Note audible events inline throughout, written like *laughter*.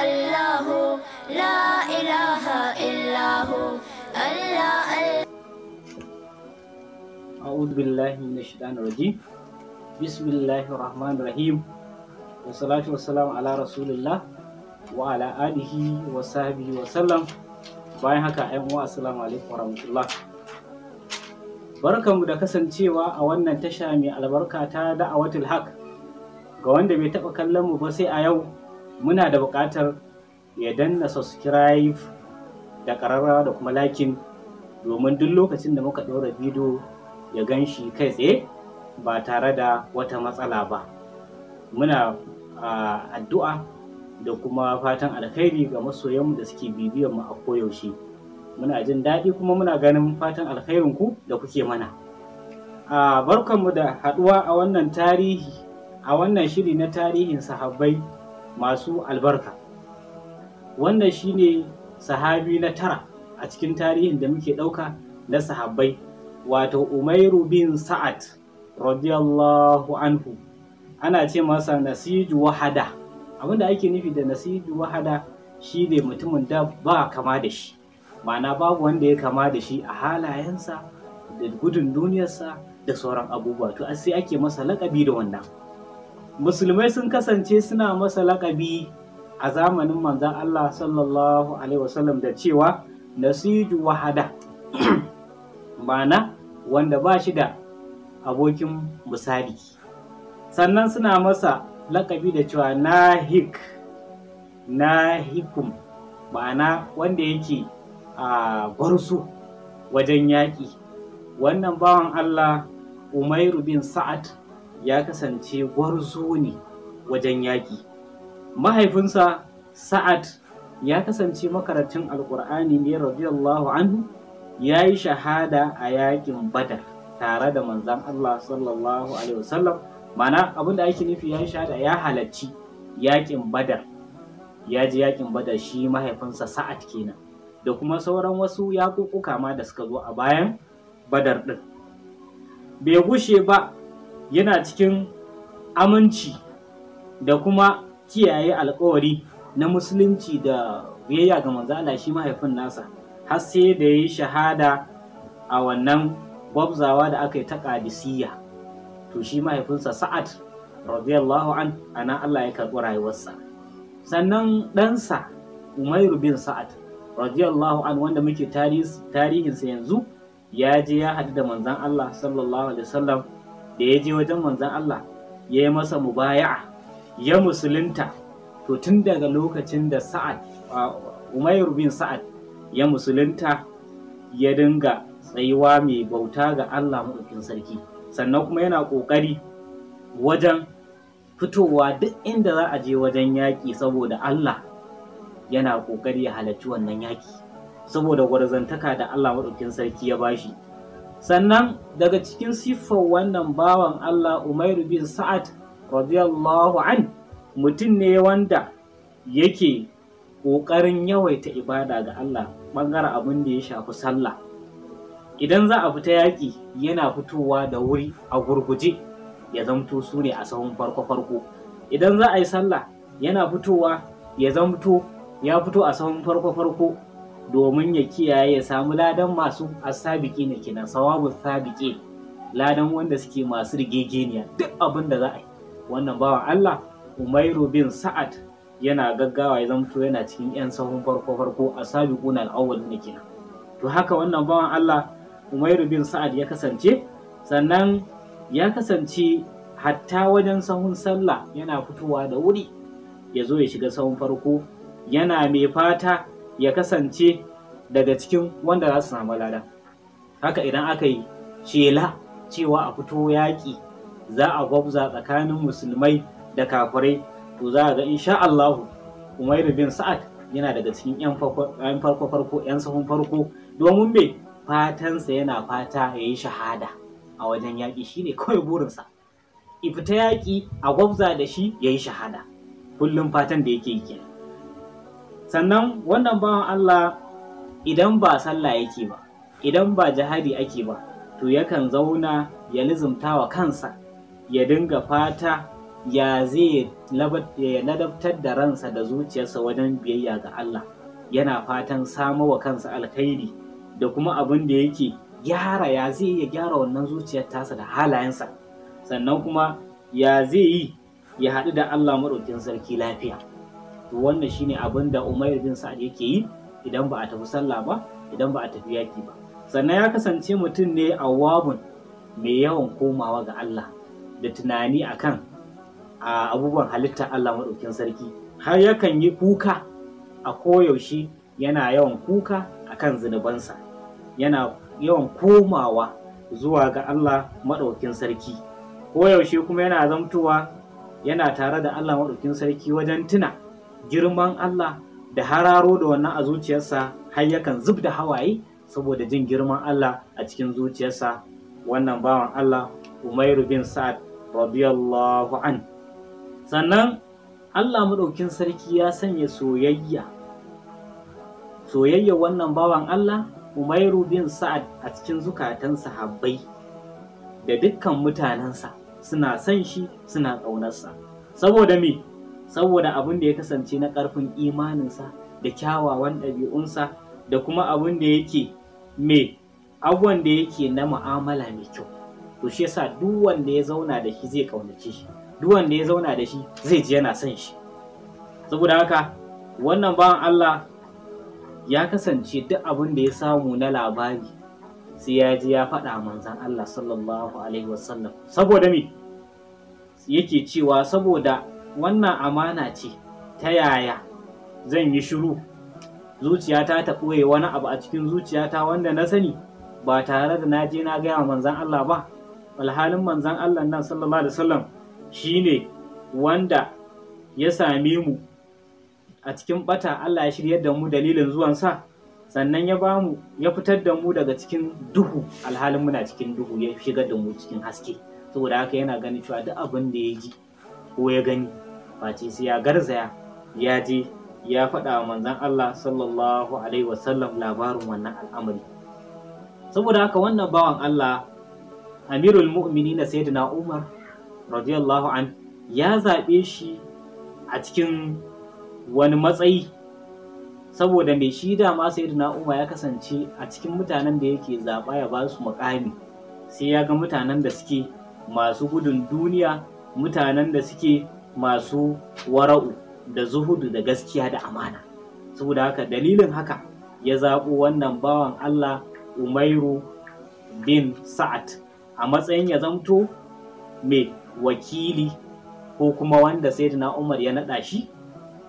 الله لا إله إلا هو الله أعوذ بالله من الشيطان الرجيم بسم الله الرحمن الرحيم والصلاة والسلام على رسول الله وعلى آله وصحبه وسلم bayan haka ‘yan uwa assalamu alaikum warahmatullah barkanmu da kasancewa a wannan tasha mai albarka ta da'awatul haq ga wanda bai taɓa kallon mu ba sai a yau muna da buƙatar ya danna subscribe da ƙararra da kuma lakin domin duk lokacin da muka ɗora bidiyo ya gan shi kai tsaye ba tare da wata matsala ba muna addu'a da kuma fatan alkhairi ga masoyanmu da suke bibiyar mu a koyaushe muna jin daɗi kuma muna ganin fatan alkhairinku da kuke mana A barkanmu da haɗuwa a wannan tarihi a wannan shiri na tarihin sahabbai masu albarka wannan shine sahabi na tara a cikin tarihin da muke ɗauka na sahabbai wato umairu bin sa'ad radiyallahu anhu ana ce masa nasiju wahada abinda ake nufi da nasiju wahada shi ne mutumin da ba kama da shi mana babu wanda ya kama da shi a halayensa da gudun duniyarsa da sauran abubuwa to sai ake masa laƙabi da wannan musulmai sun kasance suna masa laƙabi a zamanin manzan Allah sallallahu alaihi wasallam da cewa nasiju wahada *clears throat* mana wanda ba shi da abokin misali sannan suna masa laƙabi da cewa nahik nahikum ma'ana wanda yake a gwarzo wajen yaƙi wannan bawan Allah Umairu bin Sa'ad ya kasance gwarzo ne wajen yaƙi mahaifinsa sa'ad ya kasance makarantun alkur'ani ne radiyallahu anhu ya yi shahada a yaƙin badar tare da manzan allah sallallahu alaihi wasallam mana abin da ake nufi ya yi shahada ya halarci yaƙin badar ya ji yaƙin badar shi mahaifinsa sa'ad kenan da kuma sauran wasu yaƙuƙuka ma da suka zo a bayan badar ɗin bai gushe ba yana cikin aminci da kuma kiyaye alkawari na musulunci da biyayya ga manzo Allah shi mahaifin nasa har sai da yi shahada a wannan gwabzawa da aka yi ta ƙadisiyya, to shi mahaifinsa Sa'ad radiyallahu an ana Allah ya karɓi rayuwarsa sannan ɗansa Umairu bin Sa'ad radiyallahu an wanda muke tarihinsa yanzu ya je ya haɗu da manzon Allah sallallahu alaihi wasallam da ya je wajen manzon Allah ya yi masa mubaya'a ya musulunta to tun daga lokacin da sa'ad umayr bin sa'ad ya musulunta ya dinga tsayuwa mai bauta ga Allah maɗaukin sarki sannan kuma yana ƙoƙari wajen fitowa duk inda za a je wajen yaƙi saboda Allah yana ƙoƙari ya halarci wannan yaƙi saboda gwarzantaka da Allah maɗaukin sarki ya bashi sannan daga cikin siffar wannan bawan Allah Umairu bin Sa'ad radiyallahu an mutum ne wanda yake ƙoƙarin yawaita ibada ga Allah ɓangaren abin da ya shafi sallah idan za a fita yaƙi yana fitowa da wuri a gurguje ya zamto su ne a sahun farko-farko idan za a yi sallah yana fitowa ya zamto ya fito a sahun farko-farko domin ya kiyaye ya samu ladan masu asabiki ne kenan sawabu sabiki ladan wanda suke masu rigegeniya duk abin da za a yi wannan bawan Allah Umairu bin Sa'ad yana gaggawa ya zamto yana cikin 'yan sahun farko farko a sabiqun al-awwal ne kenan to haka wannan bawan Allah Umairu bin Sa'ad ya kasance sannan ya kasance hatta wajen sahun sallah yana fitowa da wuri ya zo ya shiga sahun farko yana mai fata ya kasance daga cikin wanda za su samu lada haka idan aka yi shela cewa a fito yaƙi za a gwabza tsakanin musulmai da kafirai to za a ga insha Allahu Umar bin Sa'ad yana daga cikin yan farko farko yan sahun farko domin me fatansa yana fata ya yi shahada a wajen yaƙi shine kawai burinsa ifita yaƙi a gwabza da shi ya yi shahada kullum fatan da yake kenan sannan wannan bawan Allah idan ba sallah yake ba idan ba jihadi ake ba to yakan zauna ya lizumta wa kansa ya dinga fata ya zai ladabtar da ransa da zuciyarsa wajen biyayya ga Allah yana fatan samo wa kansa alkhairi da kuma abin da yake gyara ya zai ya gyara wannan zuciyar tasa da halayensa sannan kuma ya zai yi ya haɗu da Allah maɗaukin sarki lafiya to wannan shine abin da Umair bin Sa'ad yake yi idan ba a tafi sallah ba idan ba a tafi yaki ba sannan ya kasance mutum ne a wabun mai yawan komawa ga Allah da tunani akan a abubuwan halittar Allah maɗaukin sarki har yakan yi kuka a koyaushe yana yawan kuka akan zunubansa yana yawan komawa zuwa ga Allah maɗaukin sarki koyaushe kuma yana zamtowa yana tare da Allah maɗaukin sarki wajen tuna girman Allah da hararo da wannan a zuciyarsa har yakan zub da hawaye saboda jin girman Allah a cikin zuciyarsa wannan bawan Allah Umairu bin Sa'ad radiyallahu an sannan Allah maɗaukin sarki ya sanya soyayya soyayya wannan bawan Allah Umairu bin Sa'ad a cikin zukatan sahabbai da dukkan mutanensa suna son shi suna ƙaunarsa saboda me saboda abin da ya kasance na ƙarfin imaninsa da kyawawan ɗabi'unsa da kuma abin da yake mai abubuwan da yake na mu'amala mai kyau to shi yasa duk wanda ya zauna da shi zai kaunace shi duk wanda ya zauna da shi zai ji yana son shi saboda haka wannan bawan Allah ya kasance duk abin da ya samu na labari sai ya ji ya faɗa manzan Allah sallallahu alaihi wasallam saboda me yake cewa saboda wannan amana ce ta yaya zan yi shiru zuciyata ta ɓoye wani abu a cikin zuciyata wanda na sani ba tare da na je na gaya wa manzan Allah ba alhalin manzan Allah nan sallallahu alaihi wasallam shine wanda ya same mu a cikin bata Allah ya shirya da mu dalilin zuwansa sannan ya ba mu ya fitar da mu daga cikin duhu alhalin muna cikin duhu ya shigar da mu cikin haske saboda haka yana ganin cewa duk abin da ya ji ko ya gani face sai ya garzaya ya je ya faɗa wa manzon Allah sallallahu alaihi wasallam labarin wannan al'amari saboda haka wannan bawan Allah amirul mu'mini na sayyidina Umar radiyallahu an ya zaɓe shi a cikin wani matsayi saboda mai shi dama sayyidina Umar ya kasance a cikin mutanen da yake zaɓa ya ba su muƙami sai ya ga mutanen da suke masu gudun duniya mutanen da suke masu wara'u da zuhudu da gaskiya da amana saboda haka dalilin haka ya zaɓo wannan bawan Allah Umairu bin Sa'ad a matsayin ya zamto mai wakili ko kuma wanda Sayyidina Umar ya naɗa shi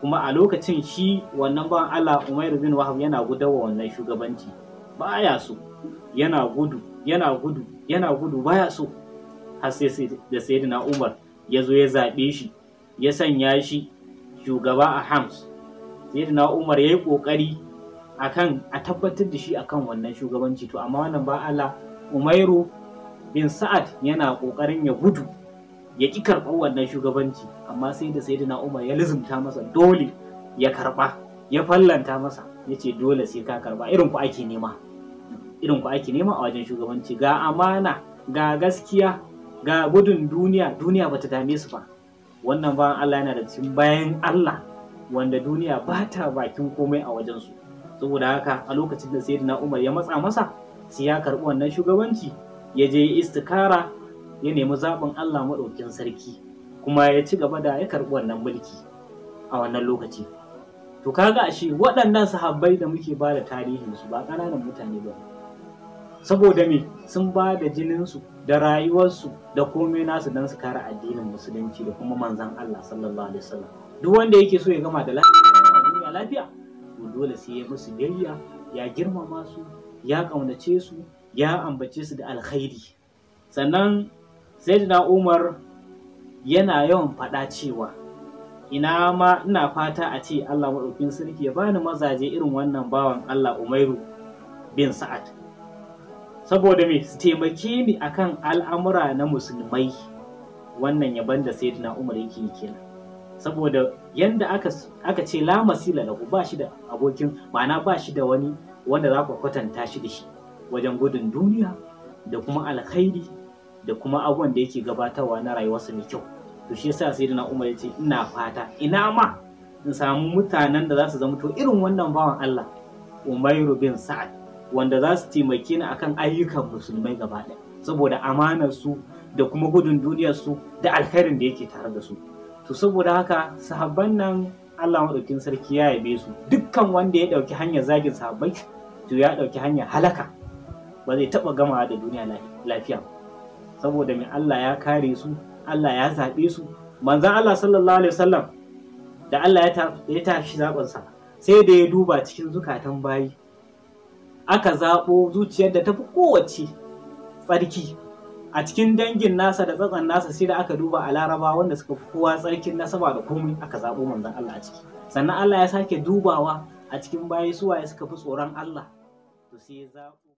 kuma a lokacin shi wannan bawan Allah Umairu bin Wahab yana gudawa wannan shugabanci baya so yana gudu yana gudu yana gudu baya so har sai da Sayyidina Umar ya zo ya zaɓe shi ya sanya shi shugaba a hams Sai da umar ya yi ƙoƙari akan a tabbatar da shi akan wannan shugabanci to amma wannan ba ala umairu bin sa'ad yana ƙoƙarin ya gudu ya ƙi karɓar wannan shugabanci amma sai da sai da umar ya lizumta masa dole ya karɓa ya fallanta masa ya ce dole sai ka karɓa irin ku ake nema irin ku ake nema a wajen shugabanci ga amana ga gaskiya ga gudun duniya duniya bata dame su ba wannan bayan Allah yana da cikin bayan Allah wanda duniya ba ta bakin komai a wajen su. saboda haka a lokacin da sayyidina Umar ya matsa masa sai ya karɓi wannan shugabanci ya je istikara ya nemi zaɓin Allah maɗaukin sarki kuma ya ci gaba da ya karɓi wannan mulki a wannan lokaci to kaga ashe waɗannan sahabbai da muke ba da su ba ƙananan mutane ba ne saboda me sun ba da jininsu da rayuwarsu da komai nasu don su kare addinin musulunci da kuma manzan Allah sallallahu alaihi wasallam duk wanda yake so ya gama da lafiya lafiya to dole sai ya musu biyayya ya girmama su ya kaunace su ya ambace su da alkhairi sannan sayyidina Umar yana yawan faɗa cewa ina ma ina fata a ce Allah maɗaukin sarki ya bani mazaje irin wannan bawan Allah Umairu bin Sa'ad saboda me su taimake ni akan al'amura na musulmai wannan yaban da saidina Umar yake kenan saboda yanda aka ce lamasi masila ba shi da abokin ma'ana ba shi da wani wanda za ku kwatanta shi da shi wajen gudun duniya da kuma alkhairi da kuma abubuwan da yake gabatarwa na rayuwarsa mai kyau to shi yasa sai na umar ce ina fata ina ma in samu mutanen da za su zama to irin wannan bawan Allah Umairu bin Sa'ad wanda za su taimake ni akan ayyukan musulmai gaba ɗaya saboda amanarsu da kuma gudun duniyarsu da alkhairin da yake tare da su to saboda haka sahabban nan Allah maɗaukin sarki ya yabe su dukkan wanda ya ɗauki hanyar zagin sahabbai to ya ɗauki hanyar halaka ba zai taɓa gamawa da duniya lafiya saboda mai Allah ya kare su Allah ya zaɓe su manzon Allah sallallahu alaihi wasallam da Allah ya tashi sa sai da ya duba cikin zukatan bayi aka zaɓo zuciyar da ta fi kowace tsarki a cikin dangin nasa da tsatsan nasa sai da aka duba a laraba wanda suka fi kowa tsarkin nasaba da komai aka zaɓo manzon Allah a ciki sannan Allah ya sake dubawa a cikin bayi suwaye suka fi tsoron Allah to sai ya zaɓo